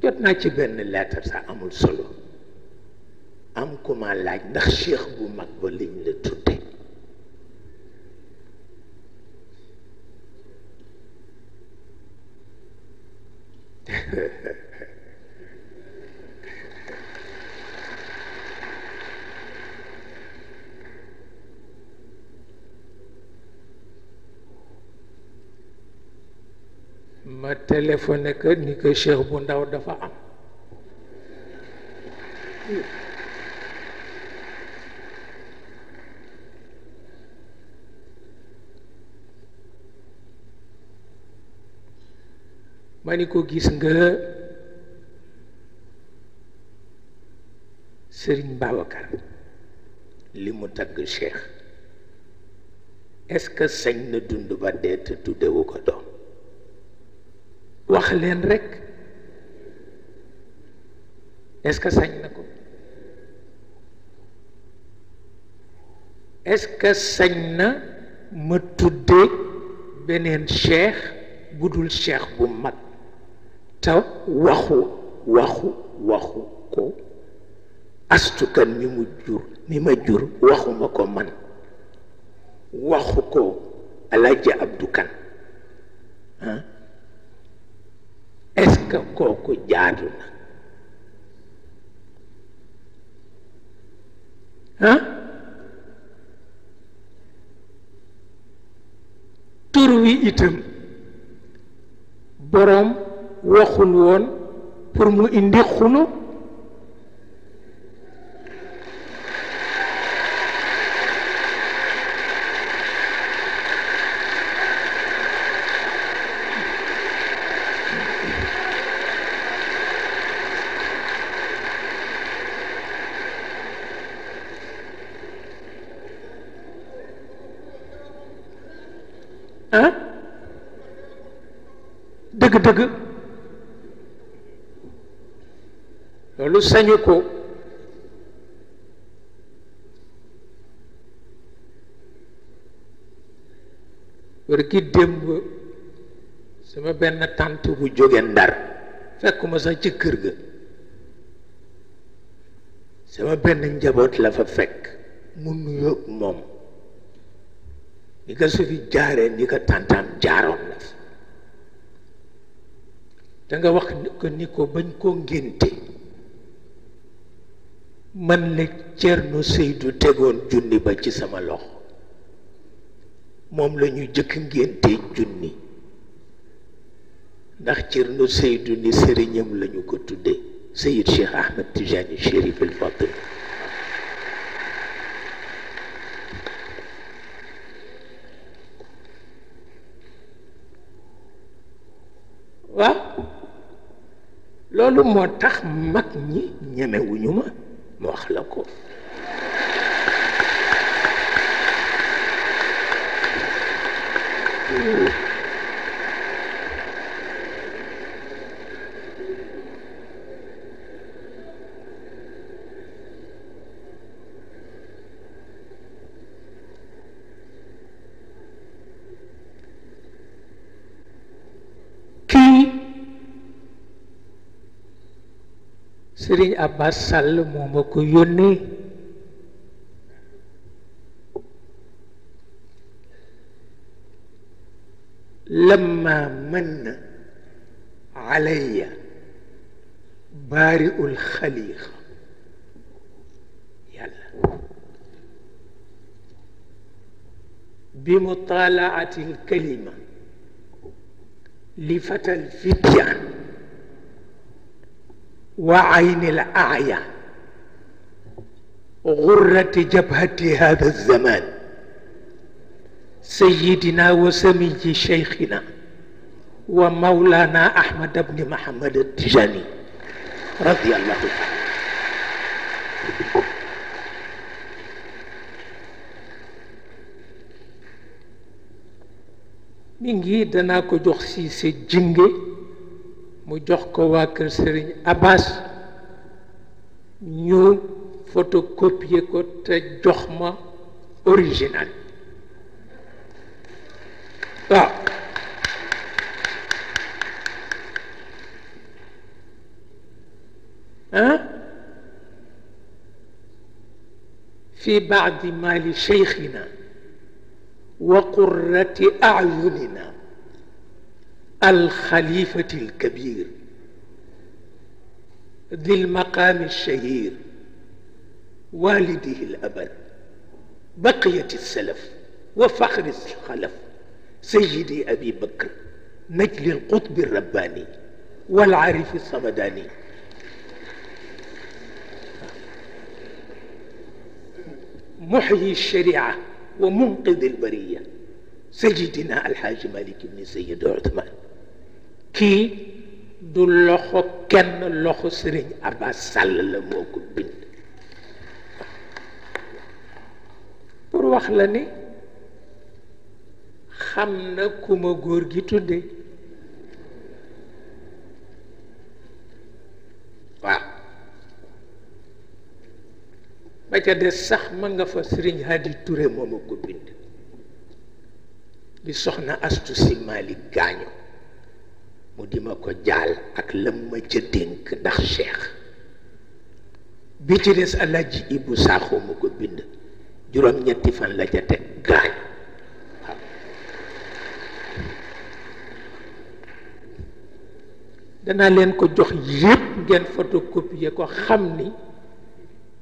jot naa ci benn lettre sax amul solo am ku ma laaj ndax cheikh bu mag ba liñ la tudd ma téléphoné que ni bu ndaw dafa am ma ni ko gis nga Sëriñ Babacar li mu tagg cheikh est-ce que sañ na dund ba dee tuddewu ko doom wax leen rekk est-ce sañ na ko est sañ na ma tuddee beneen cheikh bu dul cheikh bu mag te waxu waxu waxu ko astukan mi mu jur mi ma jur waxuma ko man waxu ko alaaji abdu kan ka kooku jaadu na tur wi itam boroom waxul woon pour mu indi xuloo dëgg-dëgg loolu sañu ko war ki démb sama benn tànt bu jóge ndar fekkuma sax ci kër gi sama benn njaboot la fa fekk mu nuyoog moom ni ko su jaaree ni ko tàntaam jaaroon la te nga wax ko ni ko bañ koo ngénte man la Cerno Seydou tegoon junni ba ci sama loxo moom lañuy jëkk ngénte junni ndax cër Cerno Seydou ni sëriñam lañu ko tudde Seyid Cheikh Ahmed Tijani Chérif El Fatim waaw loolu moo tax mag ñi ñemewuñu ñu ma wax la ko سري أباس سال مومكو يوني لما من علي بارئ الخليقة يلا بمطالعة الكلمة لفتى الفتيان وعين الأعيا غرة جبهة هذا الزمان سيدنا وسمي شيخنا ومولانا أحمد بن محمد التجاني رضي الله عنه من جيدنا danaa ko mu jox ko waa kër sëriñ abbas ñu photocopier ko te jox ma original waaw ah في بعض مال شيخنا وقرة أعيننا الخليفة الكبير ذي المقام الشهير والده الأبد بقية السلف وفخر الخلف سيدي أبي بكر نجل القطب الرباني والعارف الصمداني محيي الشريعة ومنقذ البرية سيدنا الحاج مالك بن سيد عثمان kii du loxo kenn loxo sëriñ Aba la moo ko bind pour wax la ne xam na ku ma góor gi tudde waaw ba ca des sax ma nga fa sëriñ Hadi Touré moo ma ko bind di soxna astu si Malick gaañu mu di ma ko jaal ak lëm ma ca dénk ndax cheikh bi ci des alaaji Ibu Saaxo mu ko bind juróom-ñetti fan la ca teg gaañ danaa leen ko jox yépp ngeen photocopier ko xam ni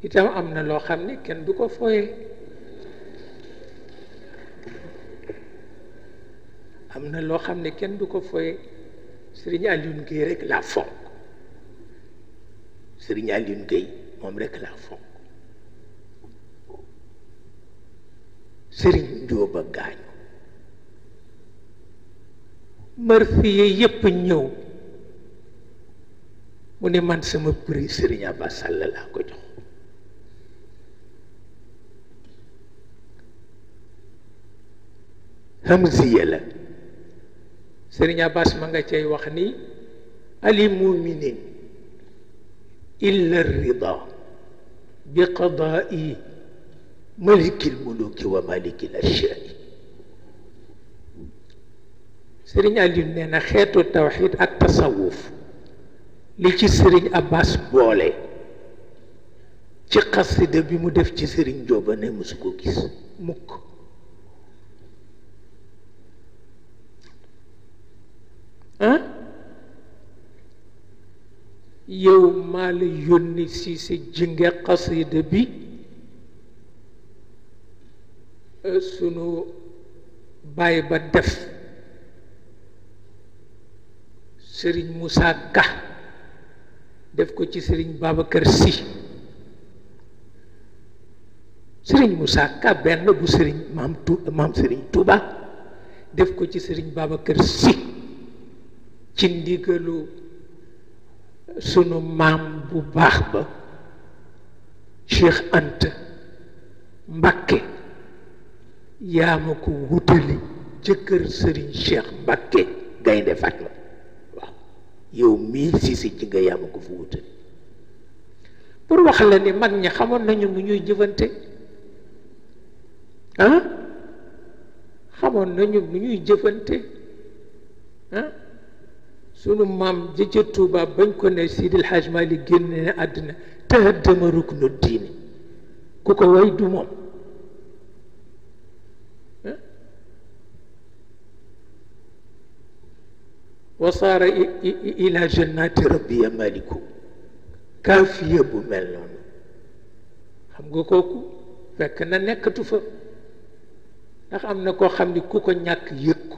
itam am na loo xam ni kenn du ko fooyee am na loo xam ne kenn du ko fooyee Serigne Alioune Gueye rek laa fonk Serigne Alioune Gueye moom rek laa fonk Serigne Njóoba gaañu marsiye yépp ñëw mu ne man sama prix Serigne ba Sall laa ko jox Hamziya la sëriñ Abbas ma nga cay wax ni ali muminin illa rida bi qadaa'i malikil muluki wa malikil ashyaa'i sëriñ Aliou nee xeetu tawxid ak tasawuf li ci sëriñ Abbas boole ci xasida bi mu def ci sëriñ Jóoba ne musu ko gis mukk ah yow maa la yónni si sa jënge xasida bi sunu bàyyi ba def sëriñ Moussa Ka def ko ci sëriñ Babacar Sy sëriñ Moussa benn bu sëriñ maam tu maam sëriñ Touba def ko ci sëriñ Babacar Sy ci ndigalu sunu maam bu baax ba Cheikh Anta Mbakke yaa ma ko wutali ca kër Serigne Mbakke Gaynde Fatma waaw yow mii si si ci ko fa wutali pour wax la ni mag ñi xamoon nañu nu ñuy jëfante ah xamoon nañu nu ñuy jëfante ah sunu maam jëjë Touba bañ ko ne Sidil Hadj Malick génn na àddina tahaddama ruknu diine ku ko way du moom wa saara ila jannati rabbi ya maliku kaafiya bu mel noonu xam nga kooku fekk na nekkatu fa ndax am na koo xam ni ku ko ñàkk yëg